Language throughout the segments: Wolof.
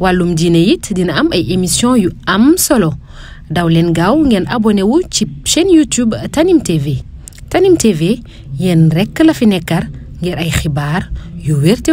wàllum diine it dina am ay émission yu am solo daw leen gaaw ngeen abonné wu ci chaîne YouTube Tanim TV Tanim rekk la fi nekkar ngir ay xibaar yu wér te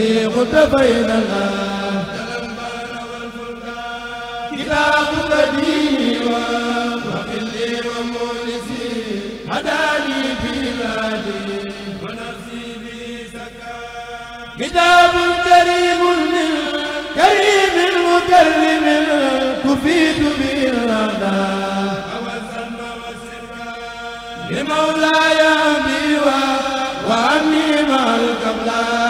الذي قلت بيننا كتاب قديم وقل لي ومونسي هداني بلادي ونفسي بي زكاة كتاب كريم من كريم مكرم كفيت به الردى لمولاي أبي وأمي مع القبلات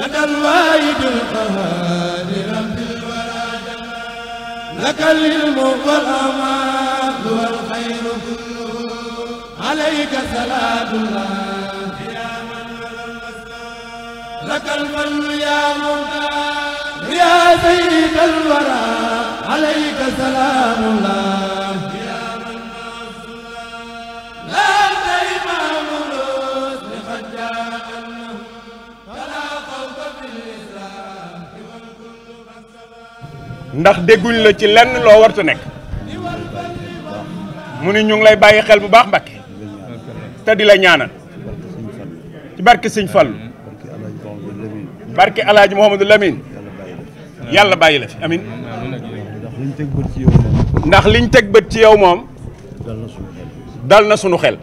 لك الواحد القهار رب الورى لك العلم والأمان والخير كله عليك صلاة الله يا من لك الفن يا ممتاز يا سيد الورى عليك سلام الله ndax dégguñ la ci lenn loo warta nekk mu ni ñu ngi lay bàyyi xel bu baax Mbàkke te di la ñaanal ci barke Sëñ Fallu barke Alaaji Mouhamadou Lamine yàlla bàyyi la fi amin ndax liñ teg bët ci yow moom dal na sunu xel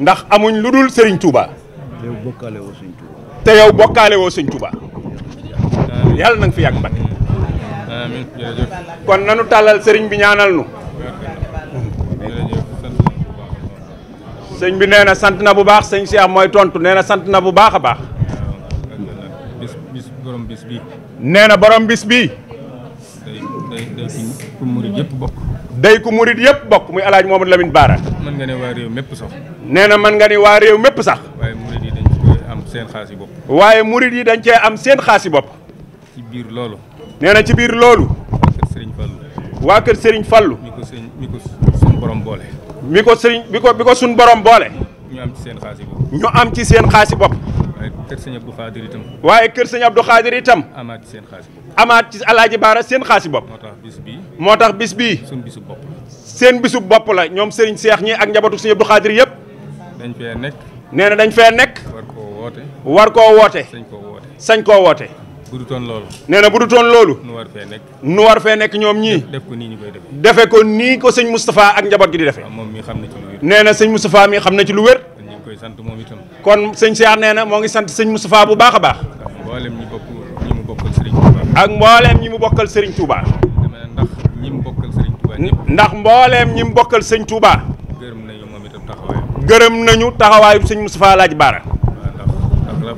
ndax amuñ lu dul Sëriñ Tuuba te yow bokkaale woo Sëñ Tuuba yàlla na nga fi yàgg Mbàkke amiin jërëjëf kon nanu tàllal sëriñ bi ñaanal nu sëñ bi nee na sant na bu baax sëñ am mooy tontu nee na sant na bu baax a baax. bis bis borom bis bii. nee na borom bis bii. day day day ku murit yëpp bokk. day ku murit yëpp bokk muy El Hadj Momadou Lamine Baara. mën nga ne waa réew mépp sax. nee na mën nga ne waa réew mépp sax. waaye murit yi dañ cee am seen xaasi bopp. waaye murit yi dañ cee am seen xaasi bopp. ci biir loolu. nee na ci biir loolu. waa kër sëriñ Fallou. mi ko sëñ mi ko suñ borom boole. mi sëñ mi ko ko suñ borom boole. ñu am ci seen xaasi bopp. ñu am ci seen xaasi bopp. waaye kër sëñ Abdou Khadir itam. waaye kër sëñ Abdou Khadir itam. amaat ci seen xaasi amaat ci Alaaji Baara seen xaasi bopp. moo tax bis bii. moo tax bis suñ bisu bopp seen bisu bopp la ñoom Serigne Cheikh ñi ak njabootu sëñ Abdou Khadir yëpp. dañ fee nekk. nee na dañ fee nekk. war koo woote. war koo woote. sañ koo sañ koo woote. bu dutoon loolu. nee na bu dutoon loolu. nu war fee nekk. war fee nekk ñoom ñii. def ko nii ñu koy defee. defe ko nii ko sëñ Moustapha ak njaboot gi di defee. moom mi xam na ci lu nee na sëñ Moustapha mi xam na ci lu wér. kon koy sant moom itam. kon sëñ Cheikh nee na moo ngi sant sëñ Moustapha bu baax a baax. ak mboolem ñi bokk ñi mu bokkal Serigne Touba. ak mboolem ñi mu bokkal Serigne Touba. ndax ñi mu bokkal ndax mboolem ñi mu bokkal sëñ Touba. gërëm nañu moom itam gërëm nañu taxawaayu sëñ Moustapha laaj baara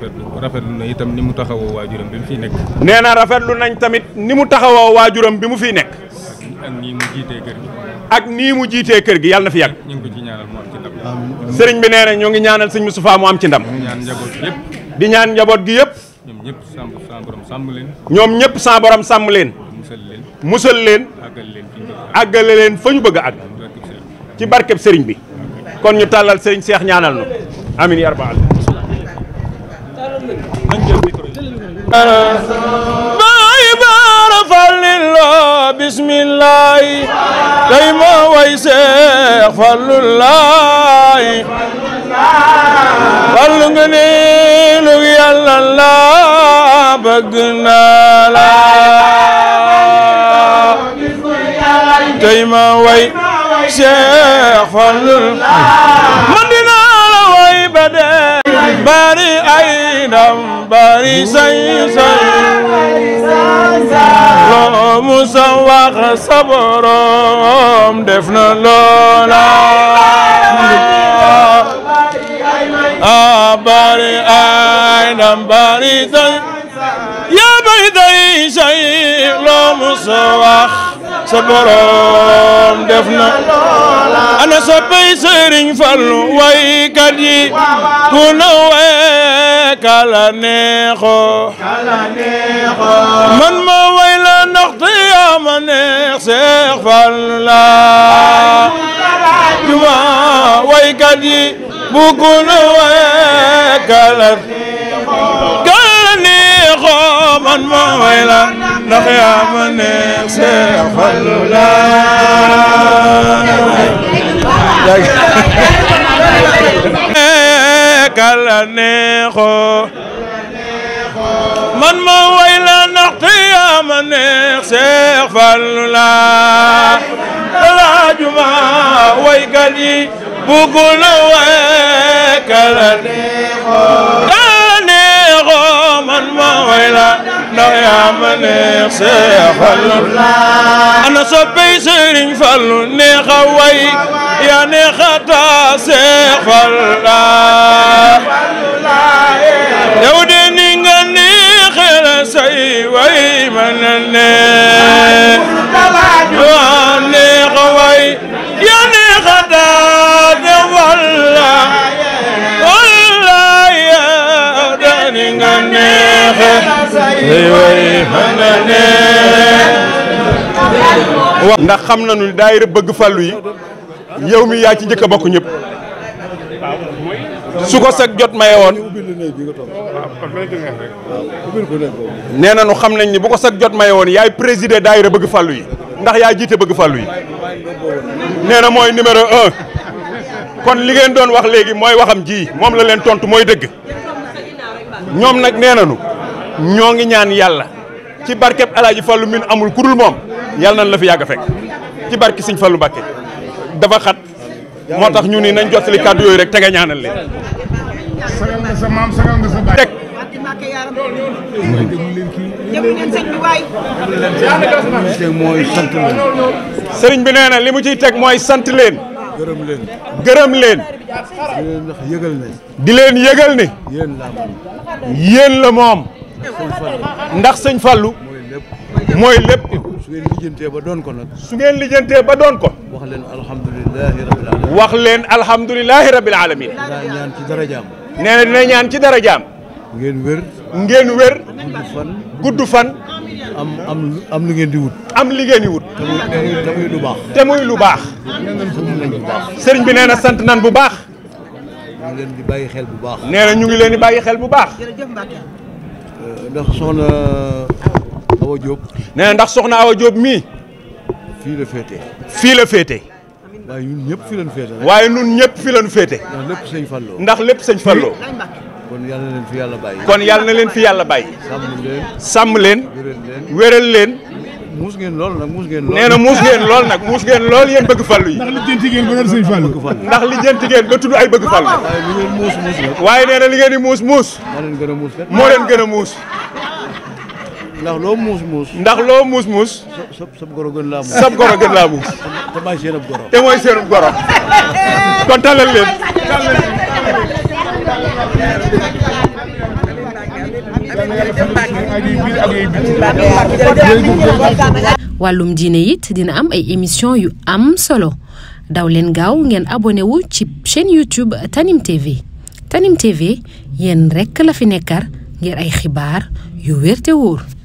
rafetlu rafetlu na itam ni mu taxawoo waajuram bi mu fiy nekk. nee na rafetlu nañ tamit ni mu taxawoo waajuram bi mu fiy nekk. ak nii mu jiitee kër gi. ak yàlla na fi yàgg. ñu ngi ko ci ñaanal mu am ci ndam. sëriñ bi nee na ñoo ngi ñaanal sëñ Moustapha mu am ci ndam. di ñaan njaboot gi yëpp. di ñaan njaboot gi yëpp. ñoom ñëpp sa sàmm leen. ñoom ñëpp sa sàmm leen. musal leen. musal leen. àggale leen fa ñu bëgg ak ci barkeb sëriñ bi kon ñu tàllal sëriñ seex ñaanal nu baay baara fallillah bismillah tey moo way seex fallullah fallu nga ne lu yàlla la bëgg naa la tey seex fallullah دم باري سي سي لو مسوخ صبرهم دفن لولا باري اي دم باري سي يا بيدي شيء لو مسوخ sa borom def na ana soppay Sëriñ Fallu waykat yi ku na way kala neexo man ma way la ndaxte yaa ma neex Seex Fallu la juma bu ku na way kala kala neexo man ma way la ndax yaa ma neex Seex Fallu laa kala neexo man la ndaxte yaa yi bugg na way kala neexo kala man ma way ndax yaa ma Seex Fallu ana soppey Sëriñ Fallu neex a way yaa neex a taa Seex Fallu yow de ni nga neexee la say way ma na neex ndax xam nañu ni daayira bëgg fàllu yi yow mi yaa ci njëkk bokk ñëpp su ko sag jot maye woon nee na nu xam nañ ni bu ko sag jot maye woon yaay président daayira bëgg fallu yi ndax yaa jiite bëgg fàllu yi nee na mooy numéro un kon li ngeen doon wax léegi mooy waxam ji moom la leen tontu mooy dëgg ñoom nag nee nañu ñoo ngi ñaan yàlla ci barkeb alaaji Fallou min amul ku dul moom yàlla nañ la fi yàgg a ci barke Sëñ Fallou Mbacké dafa xat moo tax ñu ni nañ jottali kàddu yooyu rek te nga ñaanal leen. sagal teg. sëriñ bi nee na li mu ciy teg mooy sant leen. gërëm leen. gërëm leen. di leen yëgal ne. di leen la moom. ndax sëñ Fallou mooy lépp su ngeen lijjantee ba doon ko nag su ngeen lijjantee ba doon ko wax leen alhamdulilahi rabbil alamin wax leen alhamdulilahi rabbil alamin dinaa ñaan ci dara jaam nee na dina ñaan ci dara jaam ngeen wér ngeen wér gudd fan gudd fan am am lu ngeen di wut am li ngeen wut te muy lu baax te lu baax sëriñ bi nee na sant nan bu baax ñu ngi bàyyi xel bu baax na ñu ngi leen di bàyyi xel bu baax ndax soxna Awa Diop. nee ndax soxna Awa Diop mii. fii la féete. fii la féete. waaye ñun ñëpp fi la féete. waaye ñun ñëpp fi leen féete. ndax lépp sañ Fallou. ndax lépp sëñ Fallou. kon yàlla na leen fi yàlla bàyyi. kon yàlla na leen fi yàlla bàyyi. sàmm leen. sàmm leen. muus ngeen lool nag muus ngeen lool nee na muus ngeen lool nag muus ngeen lool yéen bëgg fallu yi ndax li jënti ngeen ba tudd ay bëgg fallu waaye li ngeen muus muus waaye nee na li ngeen di moo leen gën a muus ndax loo muus muus ndax loo muus muus sab goro gën laa muus sab goro gën laa muus te mooy seenub goro te mooy seenub goro kon talal leen wàllum diine it dina am ay émission yu am solo daw leen gaaw ngeen abonné ci chaîne YouTube Tanim TV Tanim rekk la fi nekkar ngir ay xibaar yu wér te